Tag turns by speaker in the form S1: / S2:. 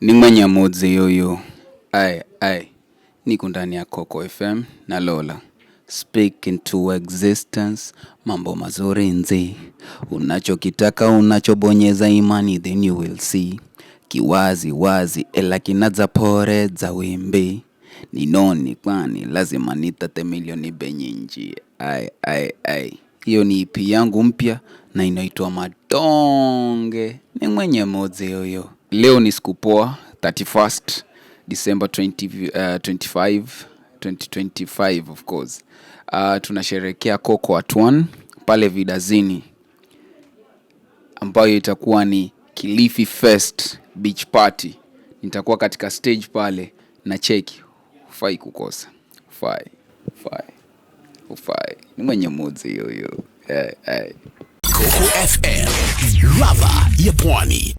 S1: Ni Mwanyamudzi yuyu ae ae ni ndani ya Coco FM na Lola, speak into existence, mambo mazuri nzi, unachokitaka unachobonyeza, imani then you will see, kiwazi wazi ela eh, za wimbi ni kwani lazima nitate milioni benyinji ae ae ae Hiyo ni ipi e yangu mpya na inaitwa Madonge. Ni mwenye Mwenyamudzi yoyo leo ni siku poa 31st December 25 2025 uh, of course. Uh, tunasherehekea Cocoa One pale Vidazini ambayo itakuwa ni Kilifi Fest Beach Party. Nitakuwa katika stage pale na cheki, hufai kukosa, ufai ufai ufai Ni mwenye muzi huyo. Eh, eh. Coco FM, lava ya pwani.